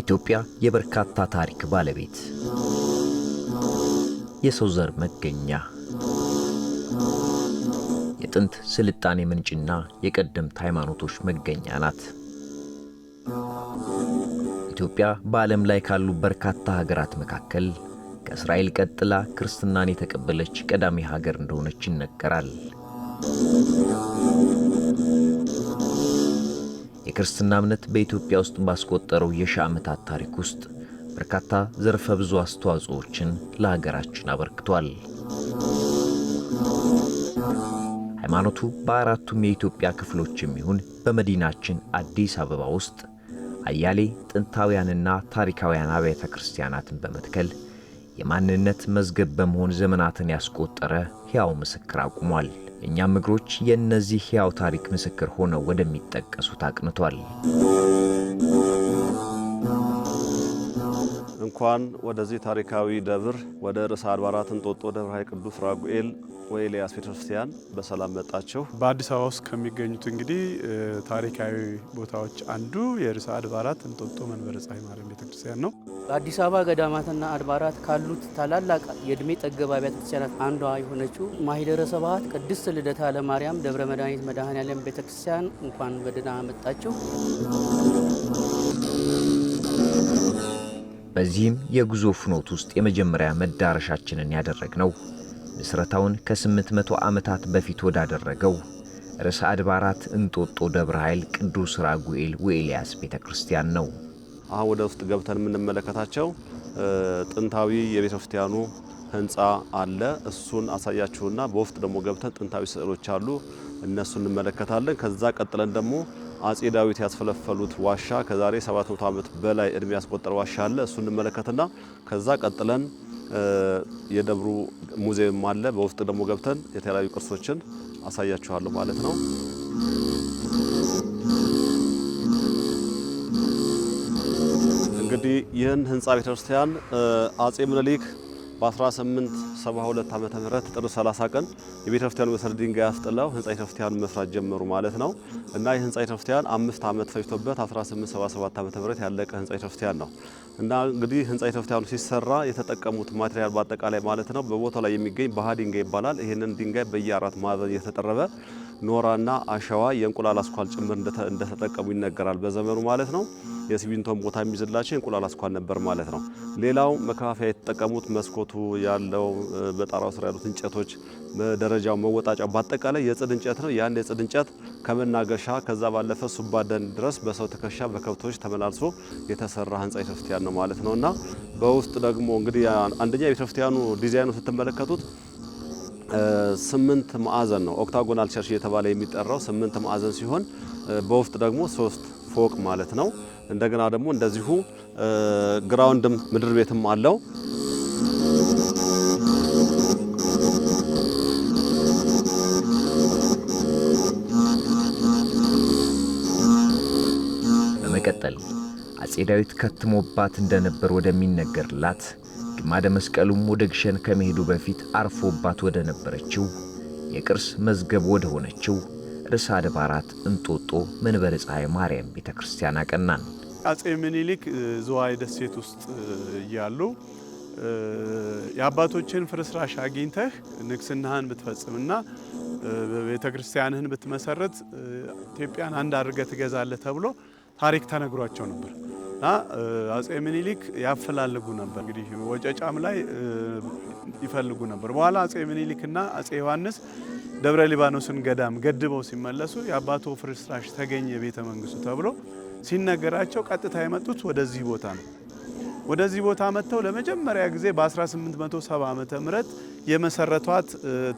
ኢትዮጵያ የበርካታ ታሪክ ባለቤት፣ የሰው ዘር መገኛ፣ የጥንት ስልጣኔ ምንጭና የቀደምት ሃይማኖቶች መገኛ ናት። ኢትዮጵያ በዓለም ላይ ካሉ በርካታ ሀገራት መካከል ከእስራኤል ቀጥላ ክርስትናን የተቀበለች ቀዳሚ ሀገር እንደሆነች ይነገራል። የክርስትና እምነት በኢትዮጵያ ውስጥ ባስቆጠረው የሺ ዓመታት ታሪክ ውስጥ በርካታ ዘርፈ ብዙ አስተዋጽኦዎችን ለሀገራችን አበርክቷል። ሃይማኖቱ በአራቱም የኢትዮጵያ ክፍሎች የሚሆን በመዲናችን አዲስ አበባ ውስጥ አያሌ ጥንታውያንና ታሪካውያን አብያተ ክርስቲያናትን በመትከል የማንነት መዝገብ በመሆን ዘመናትን ያስቆጠረ ሕያው ምስክር አቁሟል። እኛም እግሮች የእነዚህ ሕያው ታሪክ ምስክር ሆነው ወደሚጠቀሱት አቅንቷል። እንኳን ወደዚህ ታሪካዊ ደብር ወደ ርዕሰ አድባራት እንጦጦ ደብረ ሐይቅ ቅዱስ ራጉኤል ወኤልያስ ቤተክርስቲያን በሰላም መጣቸው በአዲስ አበባ ውስጥ ከሚገኙት እንግዲህ ታሪካዊ ቦታዎች አንዱ የርዕሰ አድባራት እንጦጦ መንበረ ፀሐይ ማርያም ቤተክርስቲያን ነው። በአዲስ አበባ ገዳማትና አድባራት ካሉት ታላላቅ የእድሜ ጠገብ አብያተ ክርስቲያናት አንዷ የሆነችው ማኅደረ ሰባት ቅድስት ልደታ ለማርያም ደብረ መድኃኒት መድኃኔዓለም ቤተክርስቲያን እንኳን በደህና መጣችሁ። በዚህም የጉዞ ፍኖት ውስጥ የመጀመሪያ መዳረሻችንን ያደረግነው ምስረታውን ከ800 ዓመታት በፊት ወዳደረገው ርዕሰ አድባራት እንጦጦ ደብረ ኃይል ቅዱስ ራጉኤል ወኤልያስ ቤተ ክርስቲያን ነው። አሁን ወደ ውስጥ ገብተን የምንመለከታቸው ጥንታዊ የቤተ ክርስቲያኑ ህንፃ አለ። እሱን አሳያችሁና በውስጥ ደግሞ ገብተን ጥንታዊ ስዕሎች አሉ፣ እነሱን እንመለከታለን። ከዛ ቀጥለን ደግሞ አጼ ዳዊት ያስፈለፈሉት ዋሻ ከዛሬ 700 ዓመት በላይ እድሜ ያስቆጠረ ዋሻ አለ። እሱ እንመለከትና ከዛ ቀጥለን የደብሩ ሙዚየም አለ። በውስጥ ደግሞ ገብተን የተለያዩ ቅርሶችን አሳያችኋለሁ ማለት ነው። እንግዲህ ይህን ህንፃ ቤተክርስቲያን አጼ ምኒልክ በ1872 ዓ ም ጥር 30 ቀን የቤተክርስቲያኑ ክርስቲያኑ መሰረት ድንጋይ አስጥለው ህንፃ ቤተ መስራት ጀመሩ ማለት ነው እና ይህ ህንፃ ቤተ አምስት ዓመት ፈጅቶበት 1877 ዓ ም ያለቀ ህንፃ ቤተ ክርስቲያን ነው እና እንግዲህ ህንፃ ቤተ ሲሰራ የተጠቀሙት ማቴሪያል በአጠቃላይ ማለት ነው በቦታው ላይ የሚገኝ ባህ ድንጋይ ይባላል። ይህንን ድንጋይ በየአራት ማዕዘን እየተጠረበ ኖራና አሸዋ የእንቁላል አስኳል ጭምር እንደተጠቀሙ ይነገራል። በዘመኑ ማለት ነው። የሲሚንቶን ቦታ የሚዝላቸው የእንቁላል አስኳል ነበር ማለት ነው። ሌላው መከፋፈያ የተጠቀሙት መስኮቱ ያለው በጣራው ስር ያሉት እንጨቶች፣ ደረጃው፣ መወጣጫው በአጠቃላይ የጽድ እንጨት ነው። ያን የጽድ እንጨት ከመናገሻ ከዛ ባለፈ ሱባደን ድረስ በሰው ትከሻ በከብቶች ተመላልሶ የተሰራ ህንፃ ቤተክርስቲያን ነው ማለት ነው እና በውስጥ ደግሞ እንግዲህ አንደኛ ቤተክርስቲያኑ ዲዛይኑ ስትመለከቱት ስምንት ማዕዘን ነው። ኦክታጎናል ቸርች እየተባለ የሚጠራው ስምንት ማዕዘን ሲሆን በውስጥ ደግሞ ሶስት ፎቅ ማለት ነው። እንደገና ደግሞ እንደዚሁ ግራውንድም ምድር ቤትም አለው። በመቀጠል አጼ ዳዊት ከትሞባት እንደነበር ወደሚነገርላት ግማደ መስቀሉም ወደ ግሸን ከመሄዱ በፊት አርፎባት ወደ ነበረችው የቅርስ መዝገብ ወደ ሆነችው ርዕሰ አድባራት እንጦጦ መንበረ ፀሐይ ማርያም ቤተ ክርስቲያን አቀናን። አጼ ምኒልክ ዝዋይ ደሴት ውስጥ እያሉ የአባቶችን ፍርስራሽ አግኝተህ ንግስናህን ብትፈጽምና ቤተ ክርስቲያንህን ብትመሰረት ኢትዮጵያን አንድ አድርገህ ትገዛለህ ተብሎ ታሪክ ተነግሯቸው ነበር። እና አጼ ሚኒሊክ ያፈላልጉ ነበር። እንግዲህ ወጨጫም ላይ ይፈልጉ ነበር። በኋላ አጼ ምኒልክና አጼ ዮሐንስ ደብረ ሊባኖስን ገዳም ገድበው ሲመለሱ የአባቶ ፍርስራሽ ተገኘ ቤተ መንግስቱ ተብሎ ሲነገራቸው ቀጥታ የመጡት ወደዚህ ቦታ ነው። ወደዚህ ቦታ መጥተው ለመጀመሪያ ጊዜ በ1870 ዓመተ ም የመሰረቷት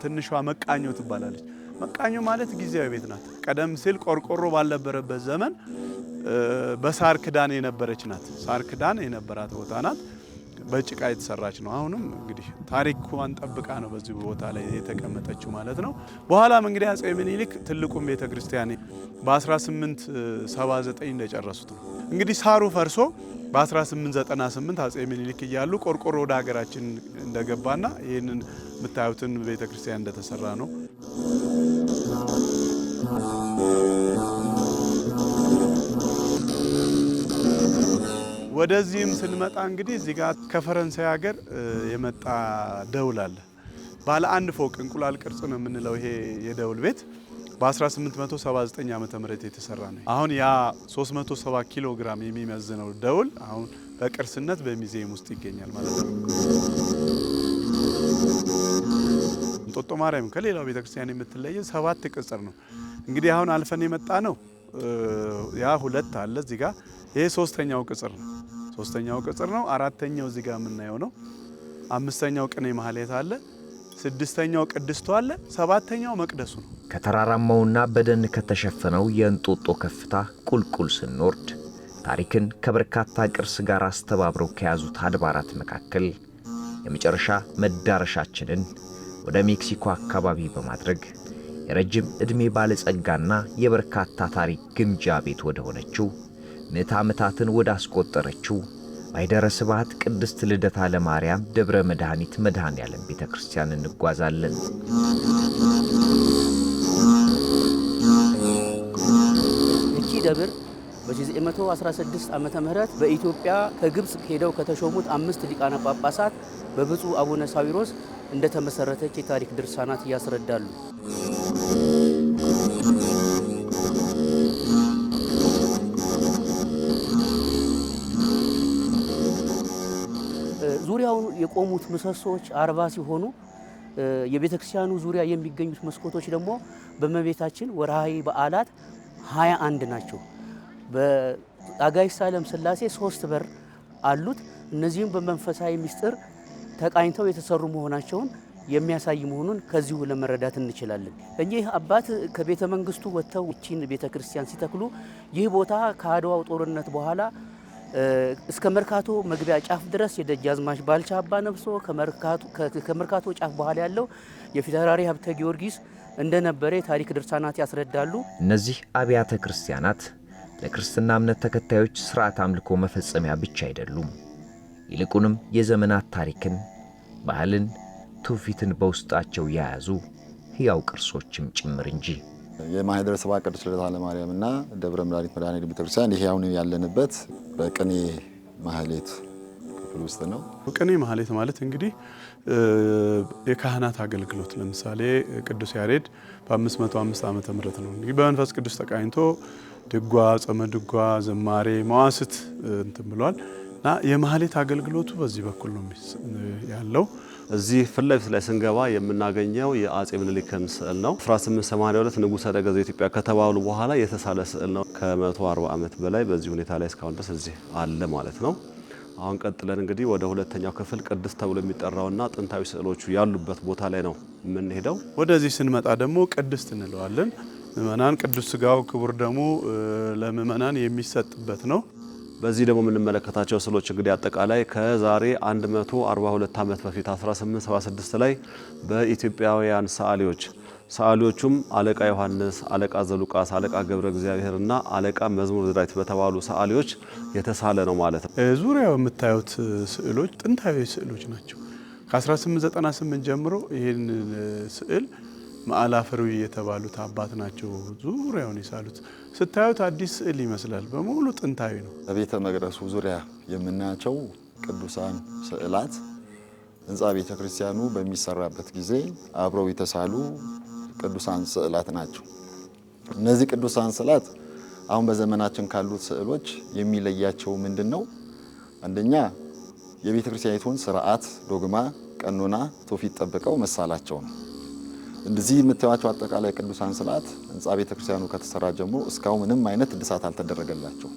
ትንሿ መቃኞ ትባላለች። መቃኞ ማለት ጊዜያዊ ቤት ናት። ቀደም ሲል ቆርቆሮ ባልነበረበት ዘመን በሳር ክዳን የነበረች ናት። ሳር ክዳን የነበራት ቦታ ናት። በጭቃ የተሰራች ነው። አሁንም እንግዲህ ታሪኳን ጠብቃ ነው በዚህ ቦታ ላይ የተቀመጠችው ማለት ነው። በኋላም እንግዲህ አጼ ምኒልክ ትልቁም ቤተ ክርስቲያን በ1879 እንደጨረሱት ነው እንግዲህ ሳሩ ፈርሶ በ1898 አጼ ምኒልክ እያሉ ቆርቆሮ ወደ ሀገራችን እንደገባና ይህንን የምታዩትን ቤተ ክርስቲያን እንደተሰራ ነው። ወደዚህም ስንመጣ እንግዲህ እዚህ ጋር ከፈረንሳይ ሀገር የመጣ ደውል አለ። ባለ አንድ ፎቅ እንቁላል ቅርጽ ነው የምንለው ይሄ የደውል ቤት በ1879 ዓ ም የተሰራ ነው። አሁን ያ 370 ኪሎ ግራም የሚመዝነው ደውል አሁን በቅርስነት በሚዜም ውስጥ ይገኛል ማለት ነው። እንጦጦ ማርያም ከሌላው ቤተክርስቲያን የምትለየ ሰባት ቅጽር ነው። እንግዲህ አሁን አልፈን የመጣ ነው ያ ሁለት አለ እዚህ ጋር ይሄ ሶስተኛው ቅጽር ነው። ሶስተኛው ቅጽር ነው። አራተኛው እዚህ ጋር የምናየው ነው። አምስተኛው ቅኔ ማህሌት አለ። ስድስተኛው ቅድስቱ አለ። ሰባተኛው መቅደሱ ነው። ከተራራማውና በደን ከተሸፈነው የእንጦጦ ከፍታ ቁልቁል ስንወርድ ታሪክን ከበርካታ ቅርስ ጋር አስተባብረው ከያዙት አድባራት መካከል የመጨረሻ መዳረሻችንን ወደ ሜክሲኮ አካባቢ በማድረግ የረጅም ዕድሜ ባለጸጋና የበርካታ ታሪክ ግምጃ ቤት ወደ ሆነችው ምዕተ ዓመታትን ወደ አስቆጠረችው ባይደረ ስብሐት ቅድስት ልደታ ለማርያም ደብረ መድኃኒት መድኃኔ ዓለም ቤተ ክርስቲያን እንጓዛለን። እቺ ደብር በ916 ዓመተ ምህረት በኢትዮጵያ ከግብፅ ሄደው ከተሾሙት አምስት ሊቃነ ጳጳሳት በብፁዕ አቡነ ሳዊሮስ እንደተመሰረተች የታሪክ ድርሳናት ያስረዳሉ። ዙሪያውን የቆሙት ምሰሶዎች አርባ ሲሆኑ የቤተ ክርስቲያኑ ዙሪያ የሚገኙት መስኮቶች ደግሞ በእመቤታችን ወርሃዊ በዓላት ሀያ አንድ ናቸው። በአጋዕዝተ ዓለም ሥላሴ ሶስት በር አሉት። እነዚህም በመንፈሳዊ ምስጢር ተቃኝተው የተሰሩ መሆናቸውን የሚያሳይ መሆኑን ከዚሁ ለመረዳት እንችላለን። እኚህ አባት ከቤተ መንግስቱ ወጥተው ይቺን ቤተ ክርስቲያን ሲተክሉ ይህ ቦታ ከአድዋው ጦርነት በኋላ እስከ መርካቶ መግቢያ ጫፍ ድረስ የደጃዝማች ባልቻ አባ ነፍሶ ከመርካቶ ጫፍ በኋላ ያለው የፊታውራሪ ሀብተ ጊዮርጊስ እንደነበረ የታሪክ ድርሳናት ያስረዳሉ። እነዚህ አብያተ ክርስቲያናት ለክርስትና እምነት ተከታዮች ስርዓት አምልኮ መፈጸሚያ ብቻ አይደሉም። ይልቁንም የዘመናት ታሪክን፣ ባህልን፣ ትውፊትን በውስጣቸው የያዙ ሕያው ቅርሶችም ጭምር እንጂ የማህደረ ሰባ ቅዱስ ልደታ ለማርያም እና ደብረ መድኃኒት መድኃኔዓለም ቤተክርስቲያን ይሄ አሁን ያለንበት በቅኔ ማህሌት ክፍል ውስጥ ነው። ቅኔ ማህሌት ማለት እንግዲህ የካህናት አገልግሎት ለምሳሌ ቅዱስ ያሬድ በ505 ዓመተ ምህረት ነው እንግዲህ በመንፈስ ቅዱስ ተቃኝቶ ድጓ፣ ጾመ ድጓ፣ ዝማሬ፣ መዋስት እንትን ብሏል እና የማህሌት አገልግሎቱ በዚህ በኩል ነው ያለው። እዚህ ፊት ለፊት ላይ ስንገባ የምናገኘው የአጼ ምኒልክን ስዕል ነው። 1882 ንጉሰ ነገሥት ኢትዮጵያ ከተባሉ በኋላ የተሳለ ስዕል ነው። ከ140 ዓመት በላይ በዚህ ሁኔታ ላይ እስካሁን ድረስ እዚህ አለ ማለት ነው። አሁን ቀጥለን እንግዲህ ወደ ሁለተኛው ክፍል ቅድስት ተብሎ የሚጠራውና ጥንታዊ ስዕሎቹ ያሉበት ቦታ ላይ ነው የምንሄደው። ወደዚህ ስንመጣ ደግሞ ቅድስት እንለዋለን። ምእመናን ቅዱስ ስጋው ክቡር ደሙ ለምእመናን የሚሰጥበት ነው። በዚህ ደግሞ የምንመለከታቸው ስዕሎች እንግዲህ አጠቃላይ ከዛሬ 142 ዓመት በፊት 1876 ላይ በኢትዮጵያውያን ሰዓሊዎች ሰዓሊዎቹም አለቃ ዮሐንስ፣ አለቃ ዘሉቃስ፣ አለቃ ገብረ እግዚአብሔር እና አለቃ መዝሙር ዘዳዊት በተባሉ ሰዓሊዎች የተሳለ ነው ማለት ነው። ዙሪያው የምታዩት ስዕሎች ጥንታዊ ስዕሎች ናቸው። ከ1898 ጀምሮ ይህን ስዕል መዓላፍርዊ የተባሉት አባት ናቸው። ዙሪያውን የሳሉት ስታዩት አዲስ ስዕል ይመስላል። በሙሉ ጥንታዊ ነው። በቤተ መቅደሱ ዙሪያ የምናያቸው ቅዱሳን ስዕላት ህንፃ ቤተ ክርስቲያኑ በሚሰራበት ጊዜ አብረው የተሳሉ ቅዱሳን ስዕላት ናቸው። እነዚህ ቅዱሳን ስዕላት አሁን በዘመናችን ካሉት ስዕሎች የሚለያቸው ምንድን ነው? አንደኛ የቤተ ክርስቲያኒቱን ስርዓት፣ ዶግማ፣ ቀኖና፣ ትውፊት ጠብቀው መሳላቸው ነው። እንደዚህ የምታዩቸው አጠቃላይ ቅዱሳን ስርዓት ህንፃ ቤተክርስቲያኑ ከተሰራ ጀምሮ እስካሁን ምንም አይነት እድሳት አልተደረገላቸው።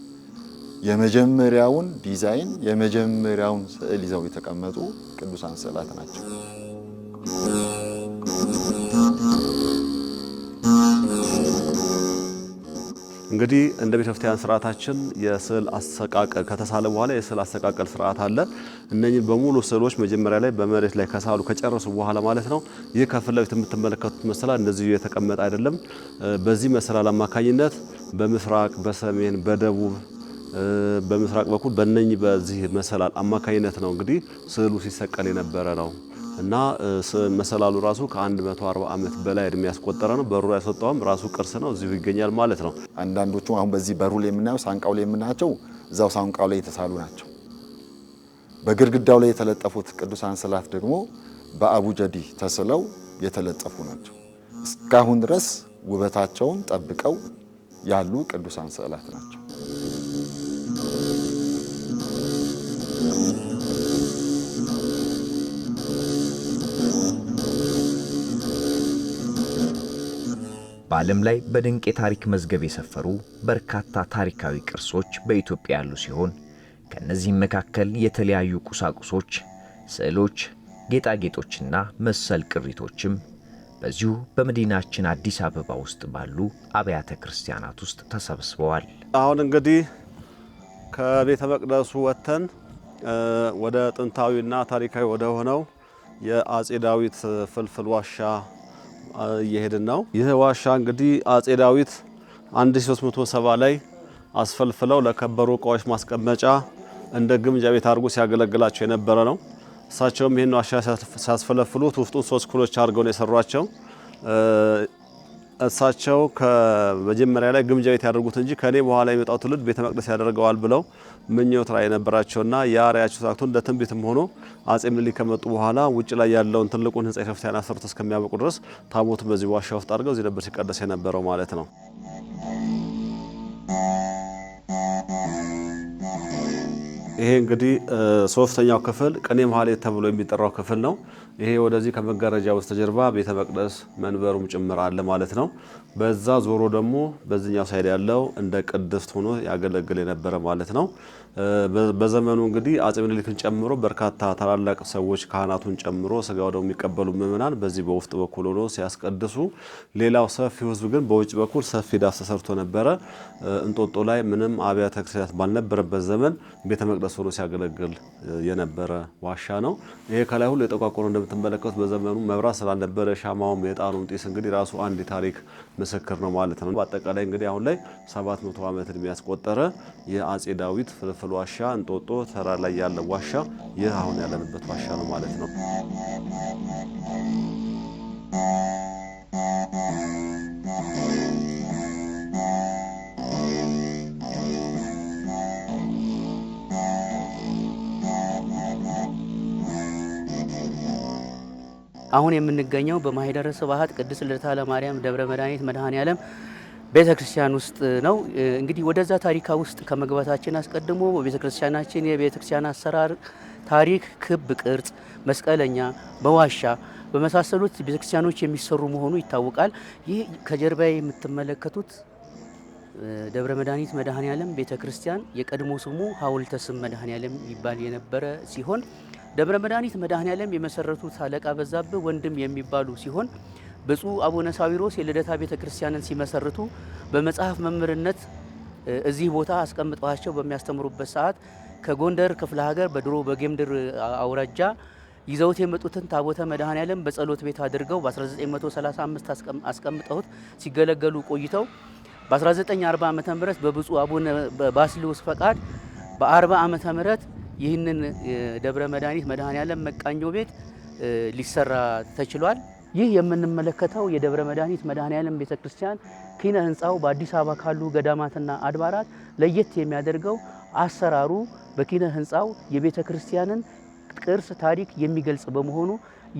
የመጀመሪያውን ዲዛይን የመጀመሪያውን ስዕል ይዘው የተቀመጡ ቅዱሳን ስዕላት ናቸው። እንግዲህ እንደ ቤተ ስርዓታችን የስዕል አሰቃቀል ከተሳለ በኋላ የስዕል አሰቃቀል ስርዓት አለ። እነኚህ በሙሉ ስዕሎች መጀመሪያ ላይ በመሬት ላይ ከሳሉ ከጨረሱ በኋላ ማለት ነው። ይህ ከፊት ለፊት የምትመለከቱት መሰላል እንደዚሁ የተቀመጠ አይደለም። በዚህ መሰላል አማካኝነት በምስራቅ፣ በሰሜን፣ በደቡብ በምስራቅ በኩል በነኚህ በዚህ መሰላል አማካኝነት ነው እንግዲህ ስዕሉ ሲሰቀል የነበረ ነው። እና መሰላሉ ራሱ ከ140 ዓመት በላይ እድሜ ያስቆጠረ ነው። በሩ ያሰጠውም ራሱ ቅርስ ነው፣ እዚሁ ይገኛል ማለት ነው። አንዳንዶቹ አሁን በዚህ በሩ ላይ የምናየው ሳንቃው ላይ የምናያቸው እዛው ሳንቃው ላይ የተሳሉ ናቸው። በግድግዳው ላይ የተለጠፉት ቅዱሳን ስዕላት ደግሞ በአቡጀዲ ተስለው የተለጠፉ ናቸው። እስካሁን ድረስ ውበታቸውን ጠብቀው ያሉ ቅዱሳን ስዕላት ናቸው። በዓለም ላይ በድንቅ የታሪክ መዝገብ የሰፈሩ በርካታ ታሪካዊ ቅርሶች በኢትዮጵያ ያሉ ሲሆን ከእነዚህም መካከል የተለያዩ ቁሳቁሶች፣ ስዕሎች፣ ጌጣጌጦችና መሰል ቅሪቶችም በዚሁ በመዲናችን አዲስ አበባ ውስጥ ባሉ አብያተ ክርስቲያናት ውስጥ ተሰብስበዋል። አሁን እንግዲህ ከቤተ መቅደሱ ወጥተን ወደ ጥንታዊና ታሪካዊ ወደ ሆነው የአጼ ዳዊት ፍልፍል ዋሻ እየሄድን ነው። ይህ ዋሻ እንግዲህ አጼ ዳዊት 1370 ላይ አስፈልፍለው ለከበሩ እቃዎች ማስቀመጫ እንደ ግምጃ ቤት አድርጎ ሲያገለግላቸው የነበረ ነው። እሳቸውም ይህን ዋሻ ሲያስፈለፍሉት ውስጡን ሶስት ክፍሎች አድርገው ነው የሰሯቸው። እሳቸው ከመጀመሪያ ላይ ግምጃ ቤት ያደርጉት እንጂ ከኔ በኋላ የሚመጣው ትውልድ ቤተ መቅደስ ያደርገዋል ብለው ምኞት ራዕይ ነበራቸውና ያ ራዕያቸው ተሳክቶ እንደ ትንቢትም ሆኖ አጼ ምኒልክ ከመጡ በኋላ ውጭ ላይ ያለውን ትልቁን ህንጻ የከፍታያን አሰርቶ እስከሚያበቁ ድረስ ታቦቱ በዚህ ዋሻ ውስጥ አድርገው እዚህ ነበር ሲቀደስ የነበረው ማለት ነው። ይሄ እንግዲህ ሶስተኛው ክፍል ቅኔ ማህሌት ተብሎ የሚጠራው ክፍል ነው። ይሄ ወደዚህ ከመጋረጃ በስተጀርባ ቤተ መቅደስ መንበሩም ጭምር አለ ማለት ነው። በዛ ዞሮ ደግሞ በዚኛው ሳይድ ያለው እንደ ቅድስት ሆኖ ያገለግል የነበረ ማለት ነው። በዘመኑ እንግዲህ አጼ ምኒልክን ጨምሮ በርካታ ታላላቅ ሰዎች ካህናቱን ጨምሮ ስጋ ወደሙ የሚቀበሉ ምእመናን በዚህ በውስጥ በኩል ሆኖ ሲያስቀድሱ፣ ሌላው ሰፊው ህዝብ ግን በውጭ በኩል ሰፊ ዳስ ተሰርቶ ነበረ። እንጦጦ ላይ ምንም አብያተ ክርስቲያናት ባልነበረበት ዘመን ቤተ መቅደስ ሆኖ ሲያገለግል የነበረ ዋሻ ነው። ይሄ ከላይ ሁሉ የጠቋቆረ እንደምትመለከቱት በዘመኑ መብራት ስላልነበረ ሻማውም የጣኑም ጢስ እንግዲህ ራሱ አንድ የታሪክ ምስክር ነው ማለት ነው። በአጠቃላይ እንግዲህ አሁን ላይ 700 ዓመት እድሜ ያስቆጠረ የአፄ ዳዊት ፍልፍል ዋሻ እንጦጦ ተራ ላይ ያለ ዋሻ ይህ አሁን ያለንበት ዋሻ ነው ማለት ነው። አሁን የምንገኘው በማህደረ ስብሐት ቅድስት ልደታ ለማርያም ደብረ መድኃኒት መድኃኔ ዓለም ቤተ ክርስቲያን ውስጥ ነው። እንግዲህ ወደዛ ታሪካ ውስጥ ከመግባታችን አስቀድሞ ቤተ ክርስቲያናችን የቤተ ክርስቲያን አሰራር ታሪክ ክብ ቅርጽ፣ መስቀለኛ፣ በዋሻ በመሳሰሉት ቤተ ክርስቲያኖች የሚሰሩ መሆኑ ይታወቃል። ይህ ከጀርባ የምትመለከቱት ደብረ መድኃኒት መድኃኔ ዓለም ቤተ ክርስቲያን የቀድሞ ስሙ ሐውልተ ስም መድኃኔ ዓለም ይባል የነበረ ሲሆን ደብረ መድኃኒት መድኃኔ ዓለም የመሰረቱት አለቃ በዛብህ ወንድም የሚባሉ ሲሆን ብፁዕ አቡነ ሳዊሮስ የልደታ ቤተ ክርስቲያንን ሲመሰርቱ በመጽሐፍ መምህርነት እዚህ ቦታ አስቀምጠዋቸው በሚያስተምሩበት ሰዓት ከጎንደር ክፍለ ሀገር በድሮ በጌምድር አውራጃ ይዘውት የመጡትን ታቦተ መድኃኔ ዓለም በጸሎት ቤት አድርገው በ1935 አስቀምጠውት ሲገለገሉ ቆይተው በ1940 ዓ ም በብፁዕ አቡነ ባስልዮስ ፈቃድ በ40 ዓመተ ምህረት ይህንን ደብረ መድኃኒት መድኃኔዓለም መቃኞ ቤት ሊሰራ ተችሏል። ይህ የምንመለከተው የደብረ መድኃኒት መድኃኔዓለም ቤተ ክርስቲያን ኪነ ህንፃው በአዲስ አበባ ካሉ ገዳማትና አድባራት ለየት የሚያደርገው አሰራሩ በኪነ ህንፃው የቤተ ክርስቲያንን ቅርስ ታሪክ የሚገልጽ በመሆኑ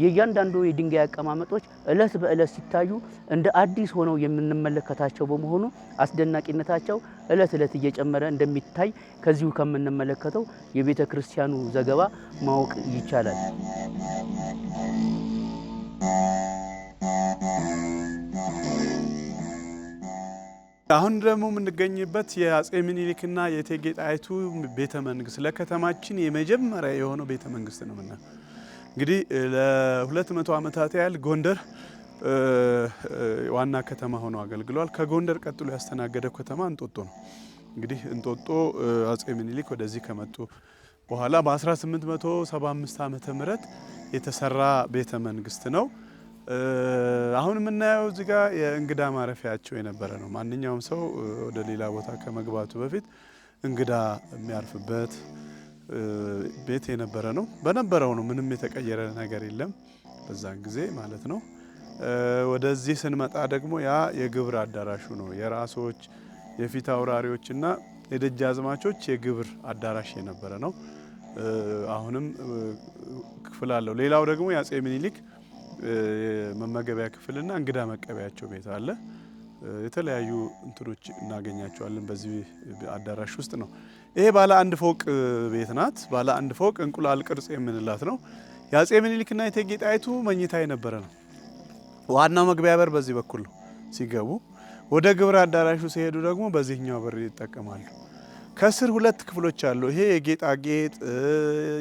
የእያንዳንዱ የድንጋይ አቀማመጦች እለት በእለት ሲታዩ እንደ አዲስ ሆነው የምንመለከታቸው በመሆኑ አስደናቂነታቸው እለት እለት እየጨመረ እንደሚታይ ከዚሁ ከምንመለከተው የቤተ ክርስቲያኑ ዘገባ ማወቅ ይቻላል። አሁን ደግሞ የምንገኝበት የአጼ ምኒልክና የእቴጌ ጣይቱ ቤተ መንግስት ለከተማችን የመጀመሪያ የሆነው ቤተ መንግስት ነው ምና እንግዲህ ለሁለት መቶ ዓመታት ያህል ጎንደር ዋና ከተማ ሆኖ አገልግሏል። ከጎንደር ቀጥሎ ያስተናገደው ከተማ እንጦጦ ነው። እንግዲህ እንጦጦ አጼ ምኒልክ ወደዚህ ከመጡ በኋላ በ1875 ዓመተ ምህረት የተሰራ ቤተ መንግስት ነው። አሁን የምናየው እዚህ ጋር የእንግዳ ማረፊያቸው የነበረ ነው። ማንኛውም ሰው ወደ ሌላ ቦታ ከመግባቱ በፊት እንግዳ የሚያርፍበት ቤት የነበረ ነው። በነበረው ነው፣ ምንም የተቀየረ ነገር የለም በዛን ጊዜ ማለት ነው። ወደዚህ ስንመጣ ደግሞ ያ የግብር አዳራሹ ነው። የራሶች የፊት አውራሪዎችና የደጃዝማቾች የግብር አዳራሽ የነበረ ነው። አሁንም ክፍል አለው። ሌላው ደግሞ የአጼ ምኒልክ መመገቢያ ክፍልና እንግዳ መቀበያቸው ቤት አለ። የተለያዩ እንትኖች እናገኛቸዋለን በዚህ አዳራሽ ውስጥ ነው። ይሄ ባለ አንድ ፎቅ ቤት ናት። ባለ አንድ ፎቅ እንቁላል ቅርጽ የምንላት ነው። የአጼ ምኒልክና የእቴጌ ጣይቱ መኝታ የነበረ ነው። ዋናው መግቢያ በር በዚህ በኩል ነው ሲገቡ። ወደ ግብር አዳራሹ ሲሄዱ ደግሞ በዚህኛው በር ይጠቀማሉ። ከስር ሁለት ክፍሎች አሉ። ይሄ የጌጣጌጥ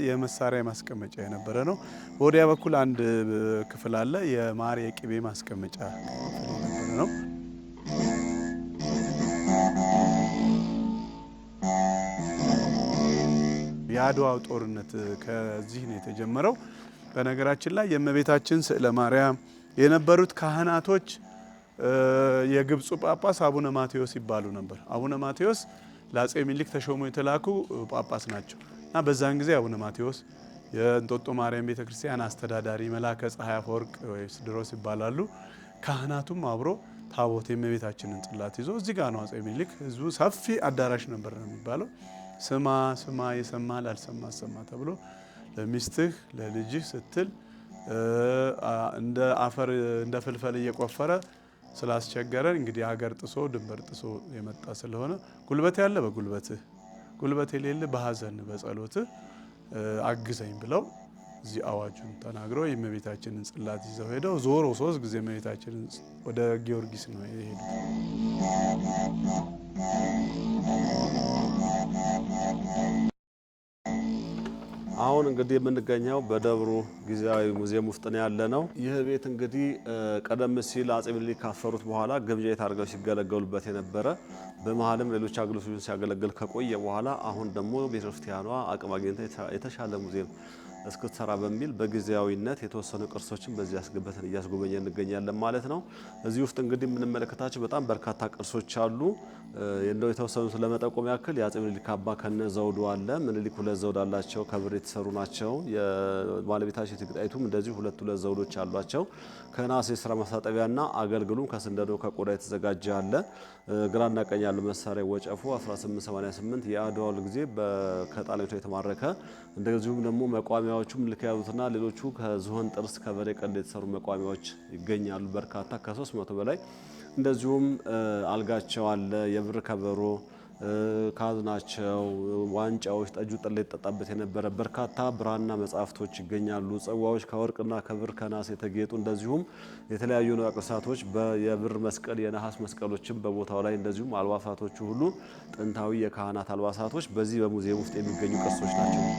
የመሳሪያ ማስቀመጫ የነበረ ነው። ወዲያ በኩል አንድ ክፍል አለ። የማር የቅቤ ማስቀመጫ ነው። የአድዋው ጦርነት ከዚህ ነው የተጀመረው። በነገራችን ላይ የእመቤታችን ስዕለ ማርያም የነበሩት ካህናቶች የግብፁ ጳጳስ አቡነ ማቴዎስ ይባሉ ነበር። አቡነ ማቴዎስ ለአጼ ሚኒሊክ ተሾሞ የተላኩ ጳጳስ ናቸው እና በዛን ጊዜ አቡነ ማቴዎስ የእንጦጦ ማርያም ቤተ ክርስቲያን አስተዳዳሪ መላከ ፀሐይ አፈወርቅ ወይስ ይባላሉ። ካህናቱም አብሮ ታቦት የእመቤታችንን ጽላት ይዞ እዚህ ጋር ነው አጼ ሚኒሊክ ህዝቡ ሰፊ አዳራሽ ነበር ነው የሚባለው ስማ ስማ የሰማ ላልሰማ ሰማ ተብሎ ለሚስትህ ለልጅህ ስትል እንደ አፈር እንደ ፍልፈል እየቆፈረ ስላስቸገረን እንግዲህ ሀገር ጥሶ ድንበር ጥሶ የመጣ ስለሆነ ጉልበት ያለ በጉልበትህ ጉልበት የሌለ በሀዘን በጸሎትህ አግዘኝ ብለው እዚህ አዋጁን ተናግረው የእመቤታችንን ጽላት ይዘው ሄደው ዞሮ ሶስት ጊዜ እመቤታችንን ወደ ጊዮርጊስ ነው የሄዱት። አሁን እንግዲህ የምንገኘው በደብሩ ጊዜያዊ ሙዚየም ውስጥ ነው ነው። ይህ ቤት እንግዲህ ቀደም ሲል አጼ ምኒልክ ካፈሩት በኋላ ግብዣ ቤት አድርገው ሲገለገሉበት የነበረ በመሀልም ሌሎች አገልግሎቶችን ሲያገለግል ከቆየ በኋላ አሁን ደግሞ ቤተክርስቲያኗ አቅም አግኝታ የተሻለ ሙዚየም እስክትሰራ በሚል በጊዜያዊነት የተወሰኑ ቅርሶችን በዚህ ያስገበተን እያስጎበኘ እንገኛለን ማለት ነው። እዚህ ውስጥ እንግዲህ የምንመለከታቸው በጣም በርካታ ቅርሶች አሉ። እንደው የተወሰኑት ለመጠቆም ያክል የአጼ ምኒልክ አባ ከነ ዘውዱ አለ። ምኒልክ ሁለት ዘውድ አላቸው፣ ከብር የተሰሩ ናቸው። የባለቤታቸው እቴጌ ጣይቱም እንደዚሁ ሁለት ሁለት ዘውዶች አሏቸው። ከናስ የስራ ማሳጠቢያና አገልግሉም ከስንደዶ ከቆዳ የተዘጋጀ አለ። ግራና ቀኝ ያለው መሳሪያ ወጨፉ 1888 የአድዋው ጊዜ ከጣሊያኖች የተማረከ እንደዚሁም ደግሞ መቋሚ መቋሚያዎቹም ልክ ሌሎቹ ከዝሆን ጥርስ ከበሬ ቀንድ የተሰሩ መቋሚያዎች ይገኛሉ። በርካታ ከ300 በላይ እንደዚሁም አልጋቸው አለ። የብር ከበሮ ካዝናቸው፣ ዋንጫዎች፣ ጠጁ ጠላ ይጠጣበት የነበረ በርካታ ብራና መጽሐፍቶች ይገኛሉ። ጽዋዎች ከወርቅና ከብር ከናስ የተጌጡ እንደዚሁም የተለያዩ ነቅሳቶች የብር መስቀል፣ የነሐስ መስቀሎችም በቦታው ላይ እንደዚሁም አልባሳቶቹ ሁሉ ጥንታዊ የካህናት አልባሳቶች በዚህ በሙዚየም ውስጥ የሚገኙ ቅርሶች ናቸው።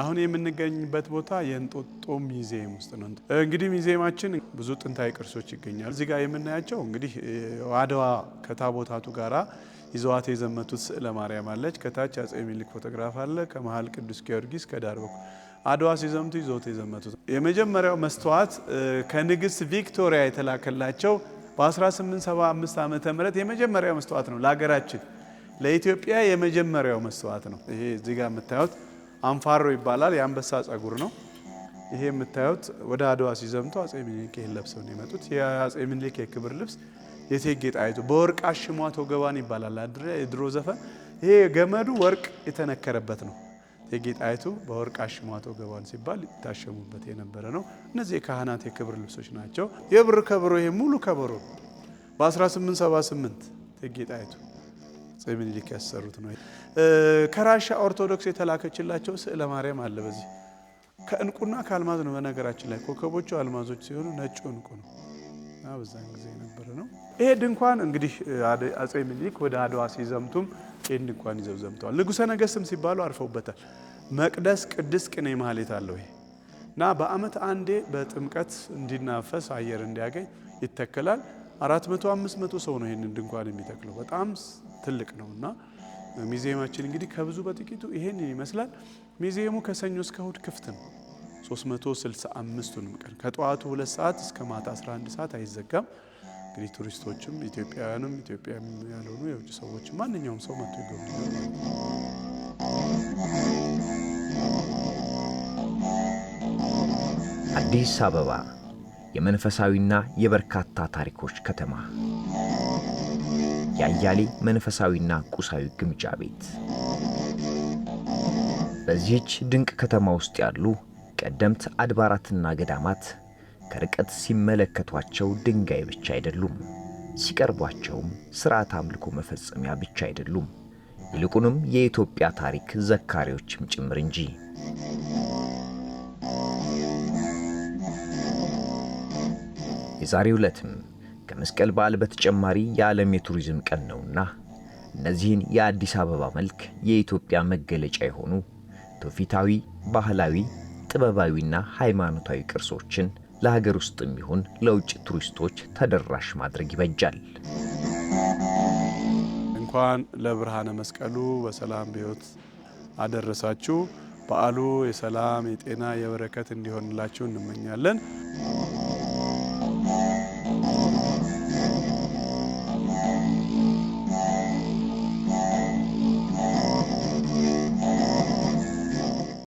አሁን የምንገኝበት ቦታ የእንጦጦ ሚዚየም ውስጥ ነው። እንግዲህ ሚዚየማችን ብዙ ጥንታዊ ቅርሶች ይገኛሉ። እዚህ ጋር የምናያቸው እንግዲህ አድዋ ከታቦታቱ ጋራ ይዘዋት የዘመቱት ስዕለ ማርያም አለች። ከታች አጼ ሚኒሊክ ፎቶግራፍ አለ። ከመሀል ቅዱስ ጊዮርጊስ፣ ከዳር በኩል አድዋ ሲዘምቱ ይዘውት የዘመቱት የመጀመሪያው መስተዋት ከንግስት ቪክቶሪያ የተላከላቸው በ1875 ዓ ም የመጀመሪያው መስተዋት ነው። ለሀገራችን ለኢትዮጵያ የመጀመሪያው መስተዋት ነው። ይሄ እዚህ ጋር የምታዩት አንፋሮ ይባላል። የአንበሳ ጸጉር ነው። ይሄ የምታዩት ወደ አድዋ ሲዘምቱ አጼ ምኒልክ ይህን ለብሰው ነው የመጡት። የአጼ ምኒልክ የክብር ልብስ የእቴጌ ጣይቱ በወርቅ አሽሟ ወገቧን ይባላል የድሮ ዘፈን። ይሄ ገመዱ ወርቅ የተነከረበት ነው። እቴጌ ጣይቱ በወርቅ አሽሟ ተወገባን ሲባል ይታሸሙበት የነበረ ነው። እነዚህ የካህናት የክብር ልብሶች ናቸው። የብር ከበሮ ይሄ ሙሉ ከበሮ በ1878 እቴጌ ጣይቱ አፄ ምኒልክ ያሰሩት ነው። ከራሻ ኦርቶዶክስ የተላከችላቸው ስዕለ ማርያም አለ። በዚህ ከእንቁና ከአልማዝ ነው። በነገራችን ላይ ኮከቦቹ አልማዞች ሲሆኑ ነጩ እንቁ ነው። በዛን ጊዜ የነበረ ነው። ይሄ ድንኳን እንግዲህ አፄ ምኒልክ ወደ አድዋ ሲዘምቱም ይህን ድንኳን ይዘው ዘምተዋል። ንጉሠ ነገሥትም ሲባሉ አርፈውበታል። መቅደስ ቅድስ ቅኔ ማህሌት አለው ይሄ እና በአመት አንዴ በጥምቀት እንዲናፈስ አየር እንዲያገኝ ይተከላል። አራት መቶ አምስት መቶ ሰው ነው ይህንን ድንኳን የሚተክለው በጣም ትልቅ ነው እና ሚዚየማችን እንግዲህ ከብዙ በጥቂቱ ይሄንን ይመስላል። ሚዚየሙ ከሰኞ እስከ እሁድ ክፍት ነው 365ቱንም ቀን ከጠዋቱ ሁለት ሰዓት እስከ ማታ 11 ሰዓት አይዘጋም። እንግዲህ ቱሪስቶችም ኢትዮጵያውያንም ኢትዮጵያ ያልሆኑ የውጭ ሰዎች ማንኛውም ሰው መጥቶ ይጎብኛል። አዲስ አበባ የመንፈሳዊና የበርካታ ታሪኮች ከተማ፣ የአያሌ መንፈሳዊና ቁሳዊ ግምጃ ቤት። በዚህች ድንቅ ከተማ ውስጥ ያሉ ቀደምት አድባራትና ገዳማት ከርቀት ሲመለከቷቸው ድንጋይ ብቻ አይደሉም፣ ሲቀርቧቸውም ሥርዓት አምልኮ መፈጸሚያ ብቻ አይደሉም፣ ይልቁንም የኢትዮጵያ ታሪክ ዘካሪዎችም ጭምር እንጂ። የዛሬ ዕለትም ከመስቀል በዓል በተጨማሪ የዓለም የቱሪዝም ቀን ነውና እነዚህን የአዲስ አበባ መልክ የኢትዮጵያ መገለጫ የሆኑ ትውፊታዊ፣ ባህላዊ፣ ጥበባዊና ሃይማኖታዊ ቅርሶችን ለሀገር ውስጥም ይሁን ለውጭ ቱሪስቶች ተደራሽ ማድረግ ይበጃል። እንኳን ለብርሃነ መስቀሉ በሰላም በሕይወት አደረሳችሁ። በዓሉ የሰላም የጤና የበረከት እንዲሆንላችሁ እንመኛለን።